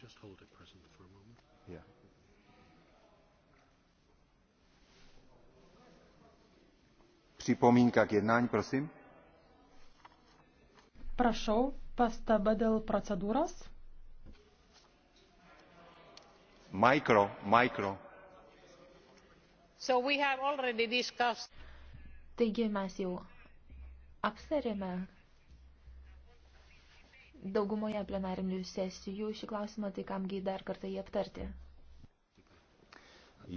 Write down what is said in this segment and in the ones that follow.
We'll just hold it present for a moment. Yeah. Připomínka k jednání, prosím. Prašau, pastaba dėl procedūros. Micro, micro. So we have already discussed. Taigi mes jau aptarėme daugumoje plenarinių sesijų šį klausimą, tai kamgi dar kartą jį aptarti.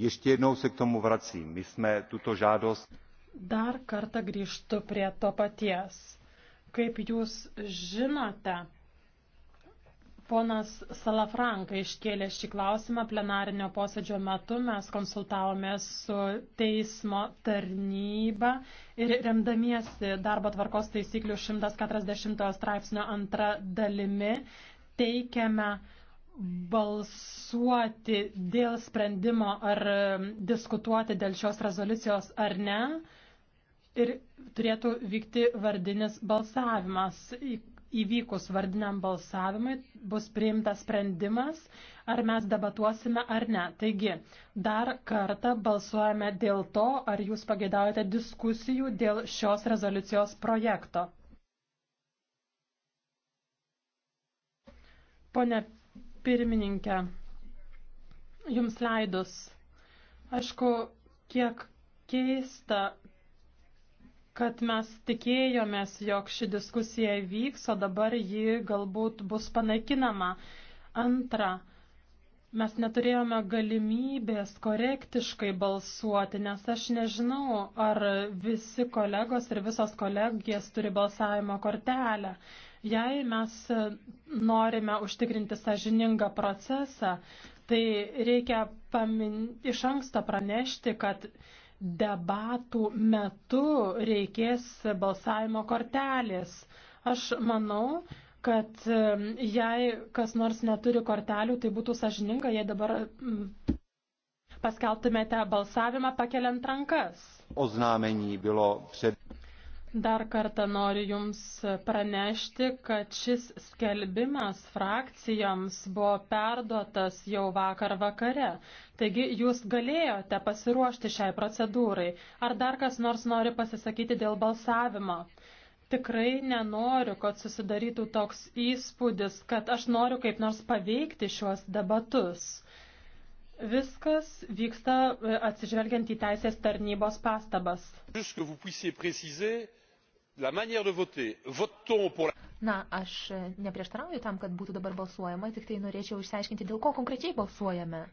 Ještě jednou se k tomu vracím. My jsme tuto žádost. Dar kartą grįžtu prie to paties. Kaip jūs žinote, Ponas Salafranka iškėlė šį klausimą plenarinio posėdžio metu. Mes konsultavomės su teismo tarnyba ir remdamiesi darbo tvarkos taisyklių 140 straipsnio antra dalimi teikiame balsuoti dėl sprendimo ar diskutuoti dėl šios rezoliucijos ar ne. Ir turėtų vykti vardinis balsavimas, įvykus vardiniam balsavimui bus priimtas sprendimas, ar mes debatuosime ar ne. Taigi, dar kartą balsuojame dėl to, ar jūs pageidaujate diskusijų dėl šios rezoliucijos projekto. Pone pirmininkė, jums leidus, aišku, kiek keista, kad mes tikėjomės, jog ši diskusija vyks, o dabar ji galbūt bus panaikinama. Antra, mes neturėjome galimybės korektiškai balsuoti, nes aš nežinau, ar visi kolegos ir visos kolegijas turi balsavimo kortelę. Jei mes norime užtikrinti sažiningą procesą, tai reikia pamin... iš anksto pranešti, kad debatų metu reikės balsavimo kortelės. Aš manau, kad jei kas nors neturi kortelių, tai būtų sažininga, jei dabar paskelbtumėte balsavimą pakeliant rankas. Oznámení bylo před... Dar kartą noriu Jums pranešti, kad šis skelbimas frakcijoms buvo perduotas jau vakar vakare. Taigi Jūs galėjote pasiruošti šiai procedūrai. Ar dar kas nors nori pasisakyti dėl balsavimo? Tikrai nenoriu, kad susidarytų toks įspūdis, kad aš noriu kaip nors paveikti šiuos debatus. Viskas vyksta e, atsižvelgiant į teisės tarnybos pastabas. Just, Na, aš e, neprieštarauju tam, kad būtų dabar balsuojama, tik tai norėčiau išsiaiškinti, dėl ko konkrečiai balsuojame.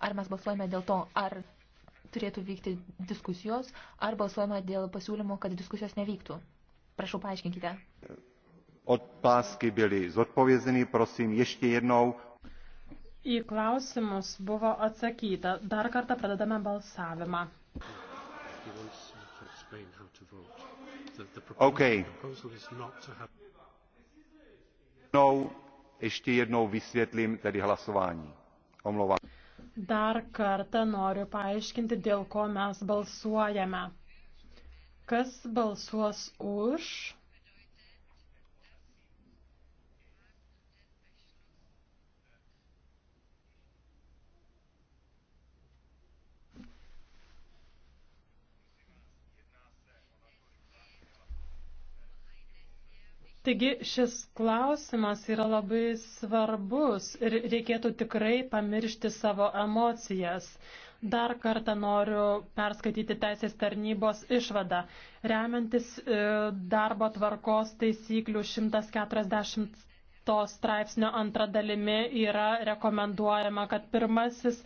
Ar mes balsuojame dėl to, ar turėtų vykti diskusijos, ar balsuojama dėl pasiūlymo, kad diskusijos nevyktų. Prašau, paaiškinkite. Otpasky byly zodpovězeny, prosím, ještě jednou. Į klausimus buvo atsakyta. Dar kartą pradedame balsavimą. Thank you explain how to vote. The, the proposal, okay. proposal is not to have... No, ještě jednou vysvětlím tedy hlasování. Omlouvám. Dar kartą noriu paaiškinti, dėl ko mes balsuojame. Kas balsuos už? Taigi šis klausimas yra labai svarbus ir reikėtų tikrai pamiršti savo emocijas. Dar kartą noriu perskaityti teisės tarnybos išvadą. Remiantis e, darbo tvarkos taisyklių 140 to straipsnio antra dalimi yra rekomenduojama, kad pirmasis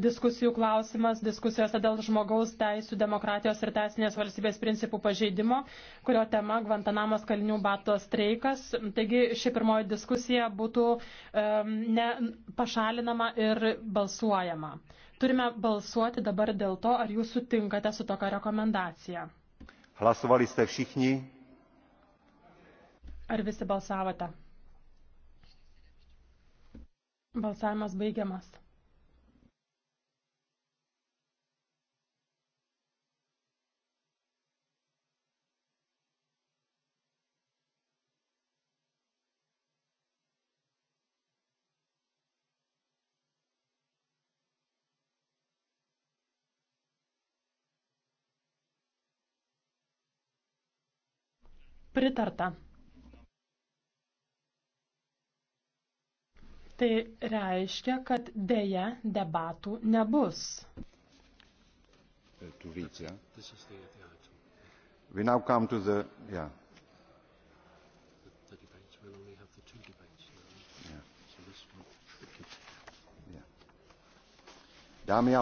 diskusijų klausimas diskusijose dėl žmogaus teisų, demokratijos ir teisinės valstybės principų pažeidimo, kurio tema Gvantanamos kalinių bato streikas. Taigi ši pirmoji diskusija būtų um, ne, pašalinama ir balsuojama. Turime balsuoti dabar dėl to, ar jūs sutinkate su tokia rekomendacija. Hlasovali ste všichni? Ar visi balsavote? Balsavimas baigiamas. pritarta. Tai reiškia, kad dėja debatų nebus. To reach, yeah? This is the, the item. We now come to the, yeah. The, the debates, we'll only have the two debates now. Yeah. So this one, yeah. Dámy a